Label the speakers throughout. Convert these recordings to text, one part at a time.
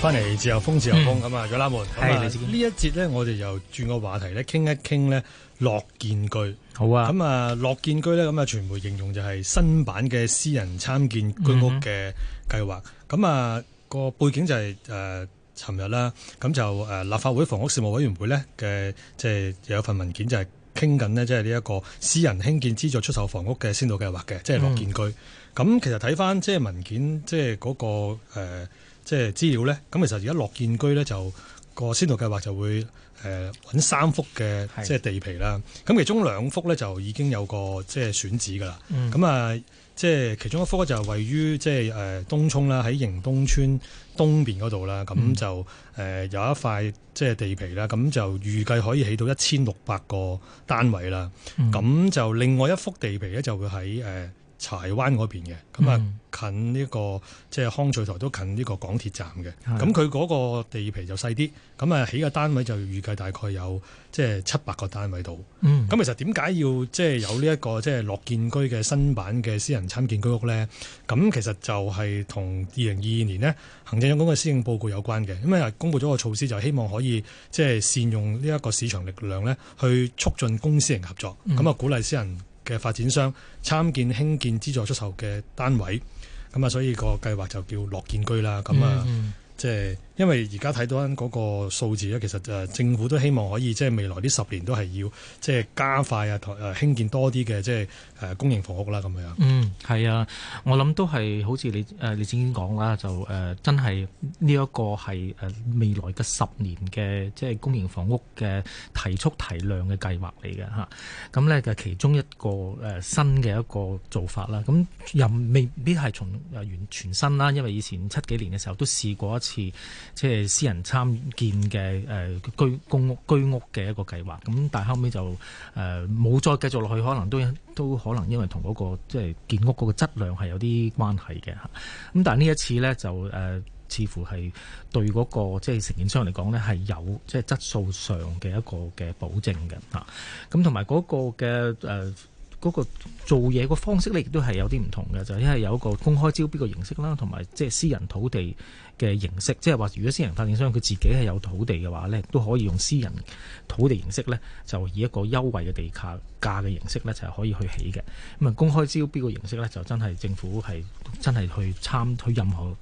Speaker 1: 翻嚟自由風，嗯、自由風咁、嗯、啊，左冷門。係呢一節咧，我哋又轉個話題咧，傾一傾咧，樂建居。好啊。咁啊，樂建居咧，咁啊，傳媒形容就係新版嘅私人參建居屋嘅計劃。咁、嗯、哼啊，個背景就係、是、誒，尋日啦。咁就誒、呃，立法會房屋事務委員會咧嘅，即係、就是、有一份文件就係傾緊呢，即係呢一個私人興建資助出售房屋嘅先導計劃嘅，即係樂建居。咁、嗯啊、其實睇翻即係文件，即係嗰個誒。呃即係資料咧，咁其實而家樂健居咧就個先導計劃就會誒揾三幅嘅即係地皮啦。咁的其中兩幅咧就已經有個即係選址㗎啦。咁啊、嗯，即係其中一幅就係位於即係誒東涌啦，喺迎東村東邊嗰度啦。咁、嗯、就誒有一塊即係地皮啦。咁就預計可以起到一千六百個單位啦。咁、嗯、就另外一幅地皮咧就會喺誒，柴灣嗰邊嘅，咁啊近呢、這個、嗯、即係康翠台都近呢個港鐵站嘅，咁佢嗰個地皮就細啲，咁啊起嘅單位就預計大概有即係七百個單位度。咁、嗯、其實點解要、這個、即係有呢一個即係樂建居嘅新版嘅私人參建居屋咧？咁其實就係同二零二二年咧行政長官嘅施政報告有關嘅，因為公布咗個措施就希望可以即係善用呢一個市場力量咧，去促進公私營合作，咁啊、嗯、鼓勵私人。嘅發展商參建興建資助出售嘅單位，咁啊，所以個計劃就叫樂健居啦，咁啊，嗯嗯即係。因為而家睇到嗰個數字咧，其實政府都希望可以即係未來呢十年都係要即係加快啊，興建多啲嘅即係、
Speaker 2: 啊、公營房屋啦咁樣。嗯，係啊，我諗都係好似你你你之前講啦，就、啊、真係呢一個係未來嘅十年嘅即係公營房屋嘅提速提量嘅計劃嚟嘅嚇。咁咧嘅其中一個、啊、新嘅一個做法啦，咁、啊、又未必係從完全新啦，因為以前七幾年嘅時候都試過一次。即係私人參建嘅誒居公屋居屋嘅一個計劃，咁但係後尾就誒冇、呃、再繼續落去，可能都都可能因為同嗰、那個即係、就是、建屋嗰個質量係有啲關係嘅嚇。咁但係呢一次咧就誒、呃、似乎係對嗰、那個即係承建商嚟講咧係有即係、就是、質素上嘅一個嘅保證嘅嚇。咁同埋嗰個嘅誒。呃嗰個做嘢個方式咧，亦都係有啲唔同嘅，就係因為有一個公開招標嘅形式啦，同埋即係私人土地嘅形式，即係話如果私人發展商佢自己係有土地嘅話呢都可以用私人土地形式呢，就以一個優惠嘅地價價嘅形式呢，就係可以去起嘅。咁啊，公開招標嘅形式呢，就真係政府係真係去參推任何。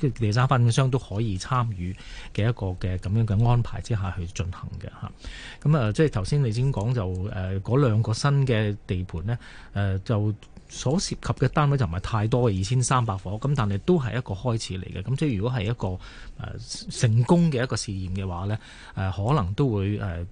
Speaker 2: 即係第三發展商都可以參與嘅一個嘅咁樣嘅安排之下去進行嘅嚇，咁啊、嗯呃、即係頭先你先講就誒嗰兩個新嘅地盤咧，誒、呃、就所涉及嘅單位就唔係太多，二千三百伙，咁但係都係一個開始嚟嘅。咁即係如果係一個誒、呃、成功嘅一個試驗嘅話咧，誒、呃、可能都會誒。呃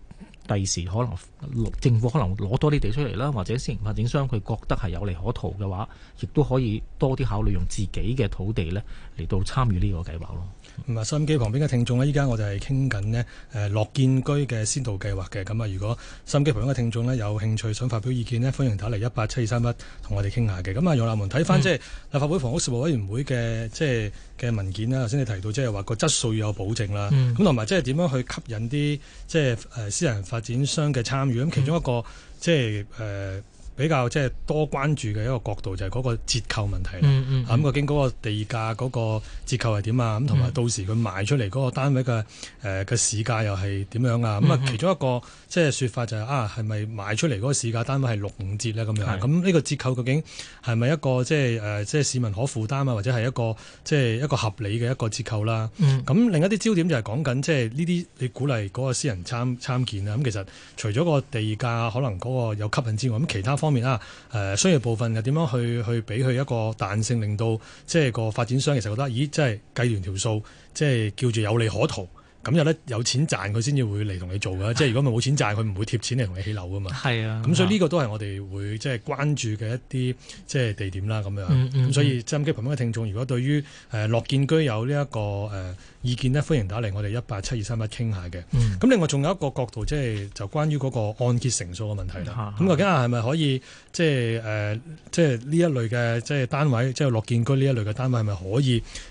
Speaker 2: 第時可能政府可能攞多啲地出嚟啦，或者私人發展商佢覺得係有利可圖嘅話，亦都可以多啲考慮用自己嘅土地呢嚟到參與呢個計劃咯。咁啊、嗯，收音機旁邊嘅聽眾呢，依家我哋係傾緊呢誒樂建
Speaker 1: 居嘅先導計劃嘅。咁啊，如果收音機旁邊嘅聽眾呢，有興趣想發表意見呢，歡迎打嚟一八七二三一，同我哋傾下嘅。咁啊、嗯，楊立文睇翻即係立法會房屋事務委員會嘅即係嘅文件啦，頭先你提到即係話個質素要有保證啦，咁同埋即係點樣去吸引啲即係誒、呃、私人發展商嘅參與，咁其中一個即係誒。呃比較即係多關注嘅一個角度就係、是、嗰個折扣問題啦，咁、嗯嗯嗯、究竟嗰個地價嗰個折扣係點啊？咁同埋到時佢賣出嚟嗰個單位嘅誒嘅市價又係點樣啊？咁啊、嗯，嗯、其中一個即係説法就係、是、啊，係咪賣出嚟嗰個市價單位係六五折咧咁樣？咁呢是個折扣究竟係咪一個即係誒即係市民可負擔啊？或者係一個即係、就是、一個合理嘅一個折扣啦？咁、嗯、另一啲焦點就係講緊即係呢啲你鼓勵嗰個私人參參建啦。咁、嗯、其實除咗個地價可能嗰個有吸引之外，咁其他方方面啊，誒商業部分又點樣去去俾佢一個彈性，令到即係個發展商其實覺得，咦，即係計完條數，即係叫做有利可圖，咁有得 有錢賺，佢先至會嚟同你做㗎。即係如果咪冇錢賺，佢唔會貼錢嚟同你起樓噶嘛。係
Speaker 2: 啊，咁所以
Speaker 1: 呢個都係我哋會即係關注嘅一啲即係地點啦，咁樣。咁、嗯嗯、所以收音機旁邊嘅聽眾，嗯嗯、如果對於誒樂、呃、建居有呢、這、一個誒。呃意見呢，歡迎打嚟我哋一八七二三一傾下嘅。咁、嗯、另外仲有一個角度，即係就是、關於嗰個按揭成數嘅問題啦。咁究竟係咪可以即係即係呢一類嘅即係單位，即係樂健居呢一類嘅單位係咪可以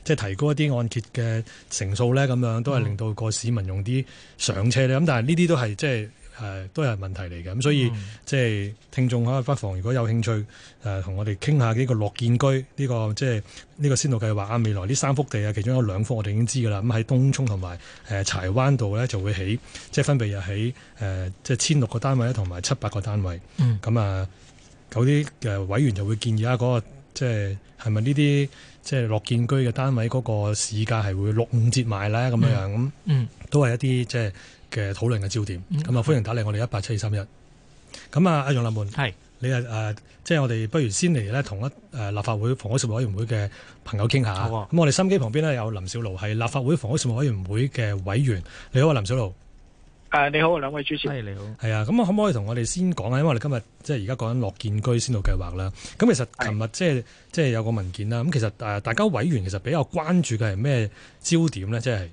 Speaker 1: 即係、就是、提高一啲按揭嘅成數咧？咁樣都係令到個市民用啲上車咧。咁、嗯、但係呢啲都係即係。就是誒都係問題嚟嘅，咁所以即係聽眾啊，不妨如果有興趣誒，同我哋傾下呢個樂健居呢、這個即係呢個先導計劃啊，未來呢三幅地啊，其中有兩幅我哋已經知㗎啦，咁喺東涌同埋誒柴灣度咧就會起，即、就、係、是、分別又起，誒即係千六個單位，同埋七百個單位。咁啊，有啲嘅委員就會建議啊、那個，嗰個即係係咪呢啲即係樂健居嘅單位嗰個市價係會六五折賣咧咁樣樣咁，嗯，都係一啲即係。就是嘅討論嘅焦點，咁啊、嗯嗯、歡迎打嚟我哋一八七二三一。咁啊，阿楊立門，係是你啊誒，即、呃、係、就是、我哋不如先嚟咧同一誒、呃、立法會房屋事務委員會嘅朋友傾下咁、啊、我哋心機旁邊呢，有林筱魯，係立法會房屋事務委員會嘅委員，你好啊，林筱魯。
Speaker 3: 誒、啊，你好，兩位主持。你好。
Speaker 1: 係啊，咁我可唔可以同我哋先講啊？因為我哋今日即係而家講緊樂建居先導計劃啦。咁其實琴日是即係即係有個文件啦。咁其實誒大家委員其實比較關注嘅係咩焦點呢？即係。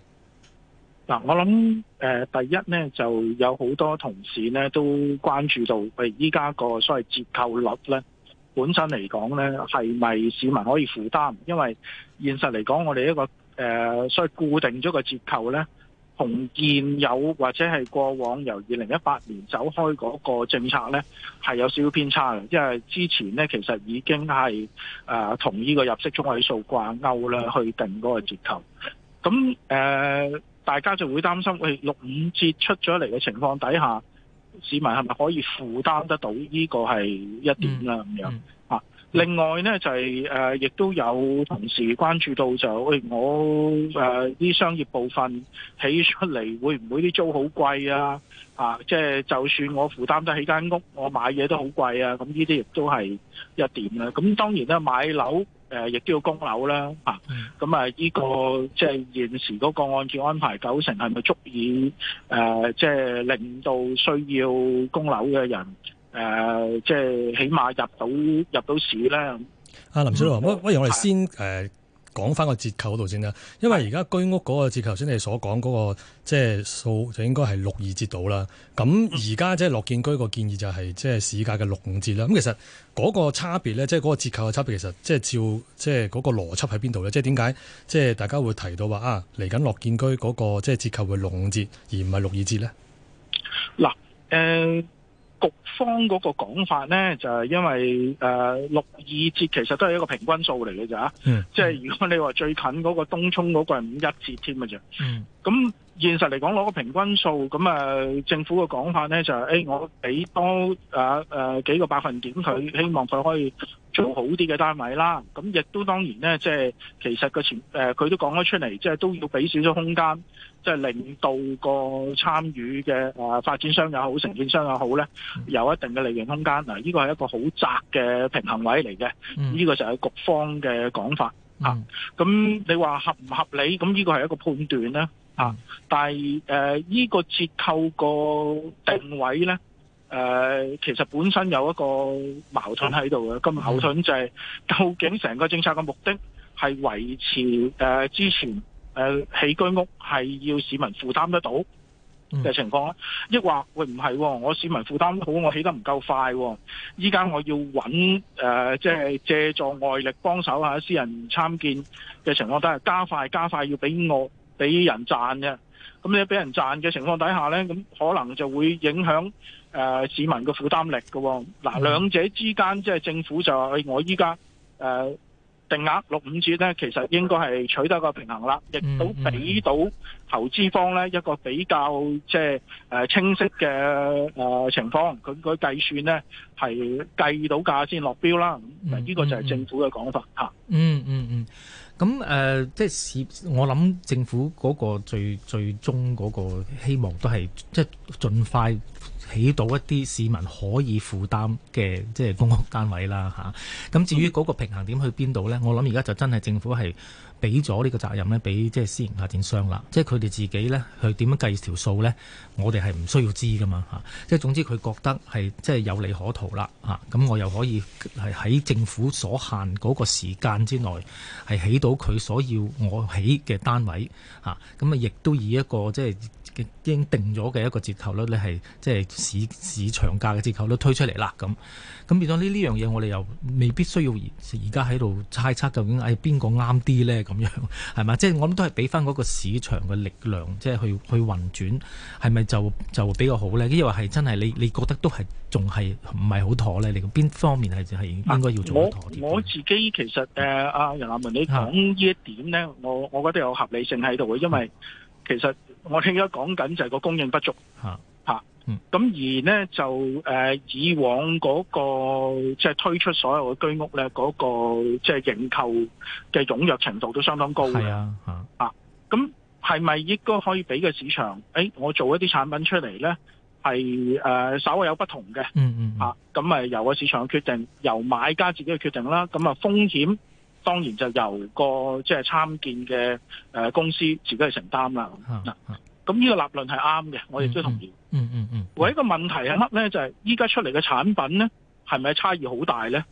Speaker 3: 嗱，我諗誒、呃、第一咧，就有好多同事咧都關注到，譬如依家個所謂折扣率咧，本身嚟講咧，係咪市民可以負擔？因為現實嚟講，我哋一個誒、呃，所以固定咗個折扣咧，同現有或者係過往由二零一八年走開嗰個政策咧，係有少少偏差嘅，因為之前咧其實已經係誒、呃、同呢個入息中位數掛勾啦，去定嗰個折扣。咁誒。呃大家就會擔心，喂六五折出咗嚟嘅情況底下，市民係咪可以負擔得到呢、這個係一點啦咁樣啊？另外呢，就係、是、亦、呃、都有同時關注到就，喂、哎、我誒啲、呃、商業部分起出嚟會唔會啲租好貴啊？啊，即係就算我負擔得起間屋，我買嘢都好貴啊！咁呢啲亦都係一點啦。咁、嗯、當然啦，買樓。誒，亦都要供樓啦，嚇，咁啊，呢個即係現時嗰個按揭安排九成，係咪足以誒，即係令到需要供樓嘅人誒，即係起碼入到入到市咧？
Speaker 1: 阿林筱魯，不如我哋先誒。講翻個折扣度先啦，因為而家居屋嗰個折扣先你所講嗰、嗰個即係數，就應該係六二折到啦。咁而家即係樂建居個建議就係、係、即係市價嘅六五折啦。咁其實嗰個差別咧，即係嗰個折扣嘅差別，其實即係照即係嗰個邏輯喺邊度咧？即係點解即係大家會提到話啊，嚟緊樂建居嗰個即係折扣會六五折，而唔係六二折咧？
Speaker 3: 嗱，誒、嗯。局方嗰個講法咧，就係、是、因為誒、呃、六二折其實都係一個平均數嚟嘅咋。嗯，即係如果你話最近嗰個東涌嗰個係五一折添嘅啫，咁、嗯。現實嚟講，攞個平均數咁誒，政府嘅講法咧就係、是欸：我俾多誒誒、啊啊、幾個百分點佢，希望佢可以做好啲嘅單位啦。咁亦都當然咧，即、就、係、是、其實個前誒，佢、呃、都講咗出嚟，即、就、係、是、都要俾少少空間，即、就、係、是、令到個參與嘅誒、啊、發展商又好、承建商又好咧，有一定嘅利潤空間。嗱，呢個係一個好窄嘅平衡位嚟嘅。呢、嗯、個就係局方嘅講法嚇。咁、嗯啊、你話合唔合理？咁呢個係一個判斷呢。啊！嗯、但係誒，依、呃這個折扣個定位咧，誒、呃，其實本身有一個矛盾喺度嘅。咁、嗯、矛盾就係、是，究竟成個政策嘅目的係維持誒、呃、之前誒起、呃、居屋係要市民負擔得到嘅情況一亦、嗯、或喂唔係、喎，我市民負擔好，我起得唔夠快、喎，依家我要揾誒即係借助外力幫手啊，私人參建嘅情況，都係加快加快，加快要俾我。俾人賺嘅，咁你俾人賺嘅情況底下呢，咁可能就會影響誒、呃、市民嘅負擔力嘅、哦。嗱，兩者之間即係政府就話：我依家誒定額六五折呢，其實應該係取得個平衡啦，亦都俾到投資方呢一個比較即係誒清晰嘅誒、呃、情況。佢佢計算呢係計到價先落標啦。咁、這、呢個就係政府嘅講法嚇。嗯嗯嗯。
Speaker 2: 嗯嗯嗯。咁誒、呃，即係我諗政府嗰個最最終嗰個希望都係即係盡快。起到一啲市民可以負擔嘅即係公屋單位啦吓。咁、啊、至於嗰個平衡點去邊度咧？我諗而家就真係政府係俾咗呢個責任咧，俾即係私營發展商啦，即係佢哋自己咧去點樣計條數咧，我哋係唔需要知噶嘛吓、啊，即係總之佢覺得係即係有利可圖啦吓，咁、啊、我又可以係喺政府所限嗰個時間之內，係起到佢所要我起嘅單位吓，咁啊亦都以一個即係。已經定咗嘅一個折扣率咧，係即係市市場價嘅折扣率推出嚟啦，咁咁變咗呢呢樣嘢，樣東西我哋又未必需要而家喺度猜測究竟係邊個啱啲咧？咁、哎、樣係嘛？即係、就是、我諗都係俾翻嗰個市場嘅力量，即係去去運轉，係咪就就比較好咧？因為係真係你你覺得都係仲係唔係好妥咧？你邊方面係係應該要做
Speaker 3: 妥啲？我自己其實誒阿楊立文，你講呢一點咧，我我覺得有合理性喺度嘅，因為其實。我聽而家講緊就係個供應不足咁、啊啊、而咧就誒、呃、以往嗰、那個即係、就是、推出所有嘅居屋咧，嗰、那個即係認購嘅踴躍程度都相當高嘅，咁係咪應該可以俾個市場？誒、欸，我做一啲產品出嚟咧，係誒、呃、稍微有不同嘅，嗯，嗯嗯，咁咪、啊、由個市場決定，由買家自己去決定啦，咁啊風險。當然就由個即係參建嘅、呃、公司自己去承擔啦。咁呢、啊啊、個立論係啱嘅，我亦都同意。嗯嗯嗯。唯一個問題係乜咧？就係依家出嚟嘅產品咧，係咪差異好大咧？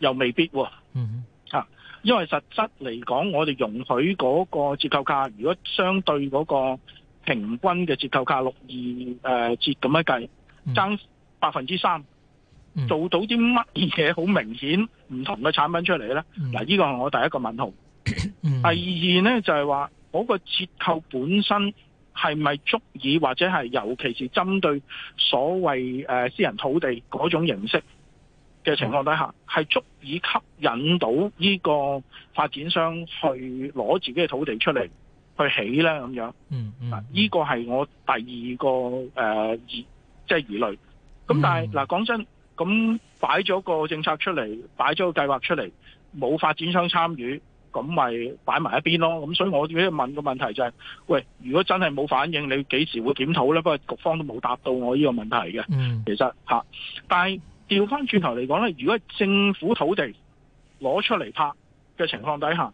Speaker 3: 又未必、啊嗯。嗯、啊、因為實質嚟講，我哋容許嗰個折扣價，如果相對嗰個平均嘅折扣價六二、呃、折咁樣計，增百分之三。嗯、做到啲乜嘢好明顯唔同嘅產品出嚟咧？嗱、嗯，呢個係我第一個問號。嗯、第二咧就係話嗰個折扣本身係咪足以或者係尤其是針對所謂誒、呃、私人土地嗰種形式嘅情況底下，係、嗯、足以吸引到呢個發展商去攞自己嘅土地出嚟去起咧咁樣嗯？嗯，
Speaker 2: 嗱，
Speaker 3: 呢個係我第二個誒、呃，即係疑慮。咁、嗯、但係嗱、嗯，講真。咁擺咗個政策出嚟，擺咗個計劃出嚟，冇發展商參與，咁咪擺埋一邊咯。咁所以，我呢問個問題就係、是：喂，如果真係冇反應，你幾時會檢討呢？不過局方都冇答到我呢個問題嘅。其實、啊、但係調翻轉頭嚟講呢，如果政府土地攞出嚟拍嘅情況底下，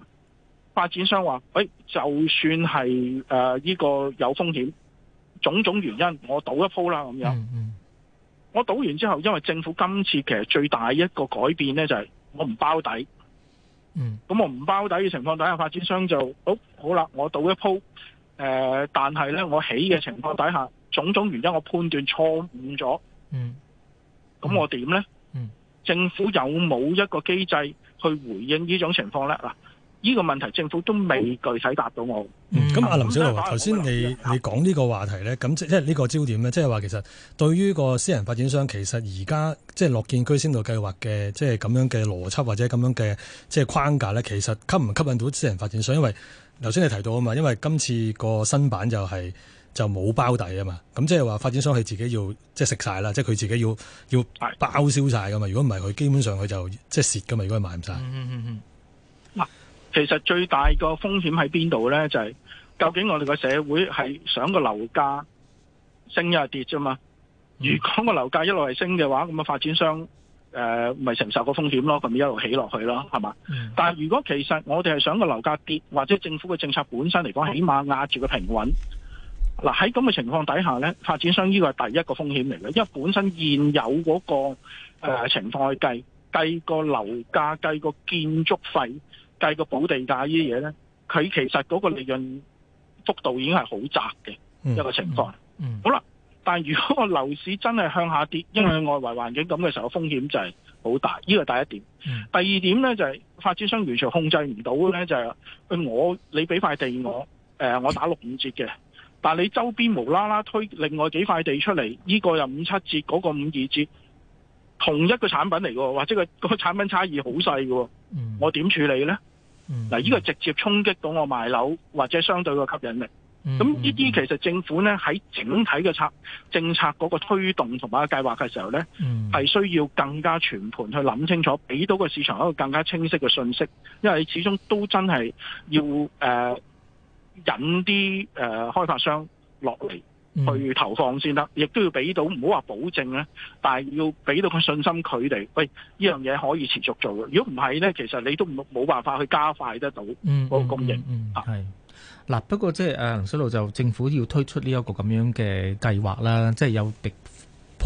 Speaker 3: 發展商話：喂、欸，就算係誒呢個有風險，種種原因，我賭一鋪啦，咁樣。嗯嗯我賭完之後，因為政府今次其實最大一個改變呢，就係、是、我唔包底。咁、嗯、我唔包底嘅情況底下，發展商就、哦、好好啦。我賭一鋪，呃，但係呢，我起嘅情況底下，種種原因我判斷錯誤咗。咁、嗯、我點呢？嗯嗯、政府有冇一個機制去回應呢種情況呢？嗱。呢個問題，政府都未具體答到
Speaker 1: 我。咁阿、嗯嗯啊、林筱魯頭先，你你講呢個話題呢，咁即係呢個焦點呢，即係話其實對於個私人發展商，其實而家即係樂建居先導計劃嘅即係咁樣嘅邏輯或者咁樣嘅即係框架呢，其實吸唔吸引到私人發展商？因為頭先你提到啊嘛，因為今次個新版就係、是、就冇包底啊嘛，咁即係話發展商係自己要即係食晒啦，即係佢自己要要包銷晒噶嘛。如果唔係，佢基本上佢就即係蝕噶嘛，如果賣唔晒。
Speaker 3: 嗯其實最大個風險喺邊度呢？就係、是、究竟我哋個社會係想個樓價升一下跌啫嘛？如果個樓價一路係升嘅話，咁啊發展商誒咪、呃、承受個風險咯，咁一路起落去咯，係嘛？嗯、但係如果其實我哋係想個樓價跌，或者政府嘅政策本身嚟講起碼壓住個平穩。嗱，喺咁嘅情況底下呢，發展商呢個係第一個風險嚟嘅，因為本身現有嗰、那個誒、呃、情況去計計個樓價計個建築費。計個補地價呢啲嘢呢，佢其實嗰個利潤幅度已經係好窄嘅一個情況。嗯嗯嗯、好啦，但係如果個樓市真係向下跌，因為外圍環境咁嘅時候，風險就係好大。呢個第一點，第二點呢，就係、是、發展商完全控制唔到呢就係、是、我你俾塊地我，誒、呃、我打六五折嘅，但係你周邊無啦啦推另外幾塊地出嚟，呢、這個又五七折，嗰、那個五二折，同一個產品嚟嘅，或者個個產品差異好細嘅。我點處理呢？嗱，呢個直接衝擊到我賣樓或者相對個吸引力。咁呢啲其實政府呢，喺整體嘅策政策嗰個推動同埋計劃嘅時候呢，係需要更加全盤去諗清楚，俾到個市場一個更加清晰嘅信息。因為始終都真係要誒、呃、引啲誒、呃、開發商落嚟。嗯、去投放先得，亦都要俾到唔好話保證咧，但係要俾到佢信心佢哋，喂，呢樣嘢可以持續做嘅。如果唔係咧，其實你都冇辦法去加快得到嗰個供應。啊，
Speaker 2: 係嗱。不過即係啊，林筱魯就政府要推出呢一個咁樣嘅計劃啦，即係有別。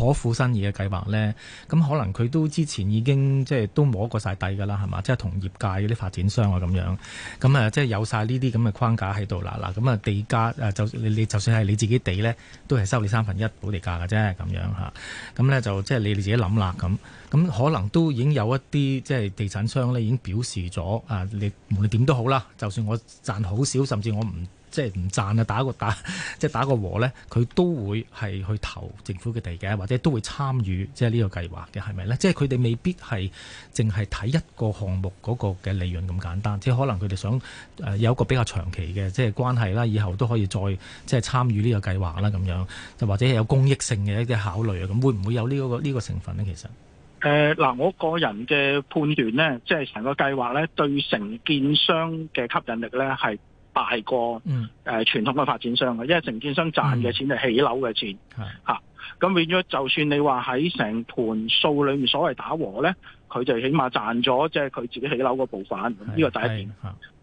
Speaker 2: 可富生意嘅計劃咧，咁可能佢都之前已經即係都摸過晒底㗎啦，係嘛？即係同業界嗰啲發展商啊咁樣，咁啊即係有晒呢啲咁嘅框架喺度啦。嗱，咁啊地價誒就你你就算係你自己地咧，都係收你三分一補地價㗎啫，咁樣吓，咁咧就即係你哋自己諗啦，咁咁可能都已經有一啲即係地產商咧已經表示咗啊，你無論點都好啦，就算我賺好少，甚至我唔。即係唔賺啊！打個打，即係打個和呢，佢都會係去投政府嘅地嘅，或者都會參與即係呢個計劃嘅，係咪呢？即係佢哋未必係淨係睇一個項目嗰個嘅利潤咁簡單，即係可能佢哋想有一個比較長期嘅即係關係啦，以後都可以再即係參與呢個計劃啦，咁樣就或者係有公益性嘅一啲考慮啊，咁會唔會有呢個呢個成分呢？其實
Speaker 3: 誒嗱、呃，我個人嘅判斷呢，即係成個計劃呢，對承建商嘅吸引力呢係大過誒、呃、傳統嘅發展商嘅，因為承建商賺嘅錢係起樓嘅錢嚇，咁、嗯啊、變咗就算你話喺成盤數裏面所謂打和咧，佢就起碼賺咗即係佢自己起樓個部分，呢個是第一點。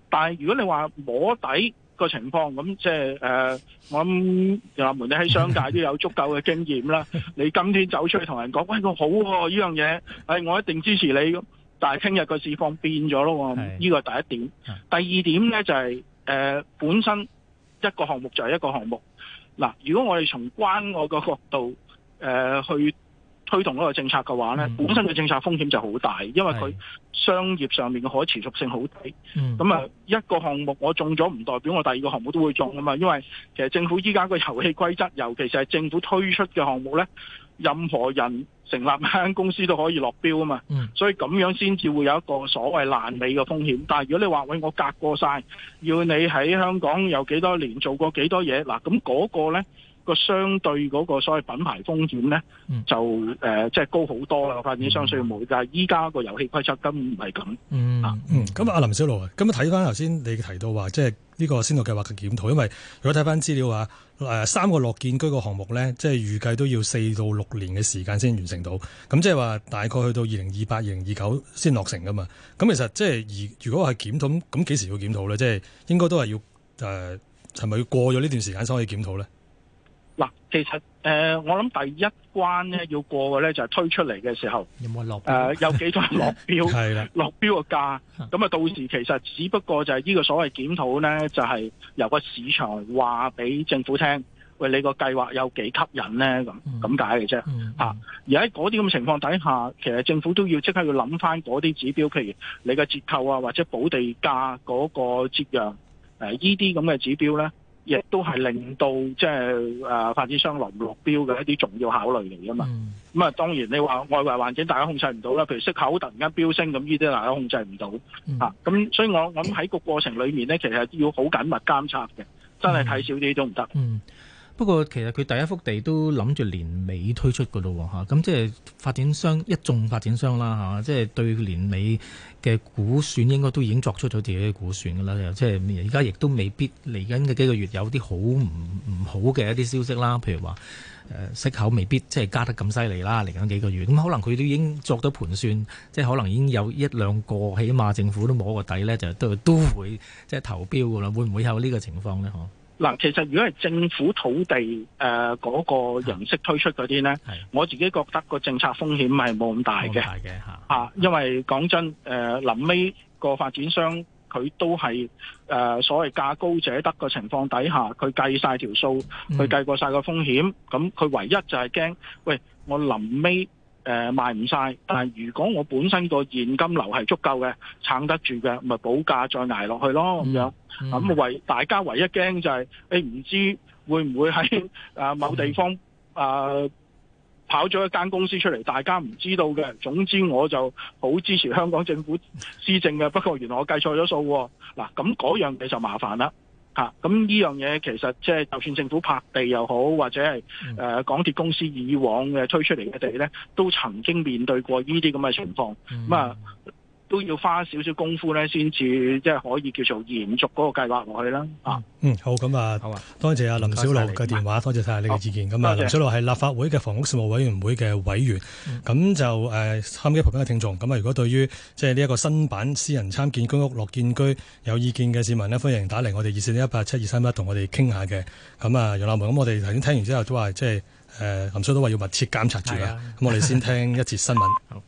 Speaker 3: 但係如果你話摸底個情況咁，即係誒，我諗阿門，你喺商界都有足夠嘅經驗啦。 你今天走出去同人講，喂、哎，好喎、哦，呢樣嘢，誒、哎，我一定支持你。但係聽日個市況變咗咯，呢個是第一點。是第二點咧就係、是。呃、本身一個項目就係一個項目，嗱，如果我哋從關我嘅角度、呃、去推動嗰個政策嘅話呢、嗯、本身嘅政策風險就好大，因為佢商業上面嘅可持續性好低。咁啊，一個項目我中咗唔代表我第二個項目都會中啊嘛，因為其實政府依家個遊戲規則，尤其是係政府推出嘅項目呢。任何人成立間公司都可以落標啊嘛，所以咁樣先至會有一個所謂爛尾嘅風險。但係如果你話喂，我隔過曬，要你喺香港有幾多年做過幾多嘢，嗱，咁嗰個咧。個相對嗰個所謂品牌風險咧、嗯呃，就誒即係高好多啦！我發展商所以冇，嗯、但係依家個遊戲規則根本唔係
Speaker 1: 咁啊。嗯，咁啊，林筱魯啊，咁樣睇翻頭先你提到話，即係呢個先導計劃嘅檢討，因為如果睇翻資料話，誒三個樂建居個項目咧，即係預計都要四到六年嘅時間先完成到，咁即係話大概去到二零二八、二零二九先落成噶嘛。咁其實即係而如果係檢討咁，咁幾時要檢討咧？即係應該都係要誒係咪要過咗呢段時間先可以檢討咧？
Speaker 3: 嗱，其實誒、呃，我諗第一關咧要過嘅咧就係推出嚟嘅時候，有冇落誒、呃？有幾多人落
Speaker 2: 標？係啦
Speaker 3: 的，落標個價。咁啊，到時其實只不過就係呢個所謂檢討咧，就係、是、由個市場話俾政府聽，喂，你個計劃有幾吸引咧？咁咁解嘅啫嚇。而喺嗰啲咁嘅情況底下，其實政府都要即刻要諗翻嗰啲指標，譬如你嘅折扣啊，或者保地價嗰個折讓呢，依啲咁嘅指標咧。亦都係令到即係誒發展商落唔落標嘅一啲重要考慮嚟㗎嘛，咁啊、嗯、當然你話外圍環境大家控制唔到啦，譬如息口突然間飆升咁，呢啲大家控制唔到嚇，咁、嗯啊、所以我諗喺個過程裡面咧，其實要好緊密監測嘅，真係睇少啲都唔得。嗯嗯
Speaker 2: 不過其實佢第一幅地都諗住年尾推出噶咯喎，嚇咁即係發展商一眾發展商啦，嚇即係對年尾嘅估算應該都已經作出咗自己嘅估算噶啦，即係而家亦都未必嚟緊嘅幾個月有啲好唔唔好嘅一啲消息啦，譬如話誒息口未必即係加得咁犀利啦，嚟緊幾個月咁可能佢都已經作咗盤算，即係可能已經有一兩個起碼政府都摸個底咧，就都都會即係投標噶啦，會唔會有呢個情況呢？嗬？
Speaker 3: 嗱，其實如果係政府土地誒嗰、呃嗰個形式推出嗰啲呢，我自己覺得個政策風險係冇咁大嘅、啊，因為講真誒，臨尾個發展商佢都係誒、呃、所謂價高者得嘅情況底下，佢計晒條數，佢計過晒個風險，咁佢、嗯、唯一就係驚，喂，我臨尾。誒、呃、賣唔晒。但如果我本身個現金流係足夠嘅，撐得住嘅，咪保價再捱落去咯咁樣。咁、嗯嗯啊、大家唯一驚就係、是，你、欸、唔知會唔會喺啊、呃嗯、某地方啊、呃、跑咗一間公司出嚟，大家唔知道嘅。總之我就好支持香港政府施政嘅。不過原來我計錯咗數，嗱咁嗰樣嘅就麻煩啦。吓，咁呢樣嘢其實即係，就算政府拍地又好，或者係誒、呃、港鐵公司以往嘅推出嚟嘅地咧，都曾經面對過呢啲咁嘅情況。咁啊～，嗯都要花少少功夫咧，先
Speaker 1: 至即係可以叫做延續嗰個計劃落去啦。啊，嗯，好，咁啊，好啊吧，多謝阿林筱魯嘅電話，謝謝多謝晒你嘅意見。咁謝啊，林筱魯係立法會嘅房屋事務委員會嘅委員。咁、嗯、就誒，收音機旁邊嘅聽眾，咁啊，如果對於即係呢一個新版私人參建公屋樂建居有意見嘅市民呢，歡迎打嚟我哋二四呢一八七二三一，同我哋傾下嘅。咁啊，楊立文，咁我哋頭先聽完之後都話即係誒
Speaker 2: 林叔都話要密切監察住啊。咁我哋先聽一節新聞。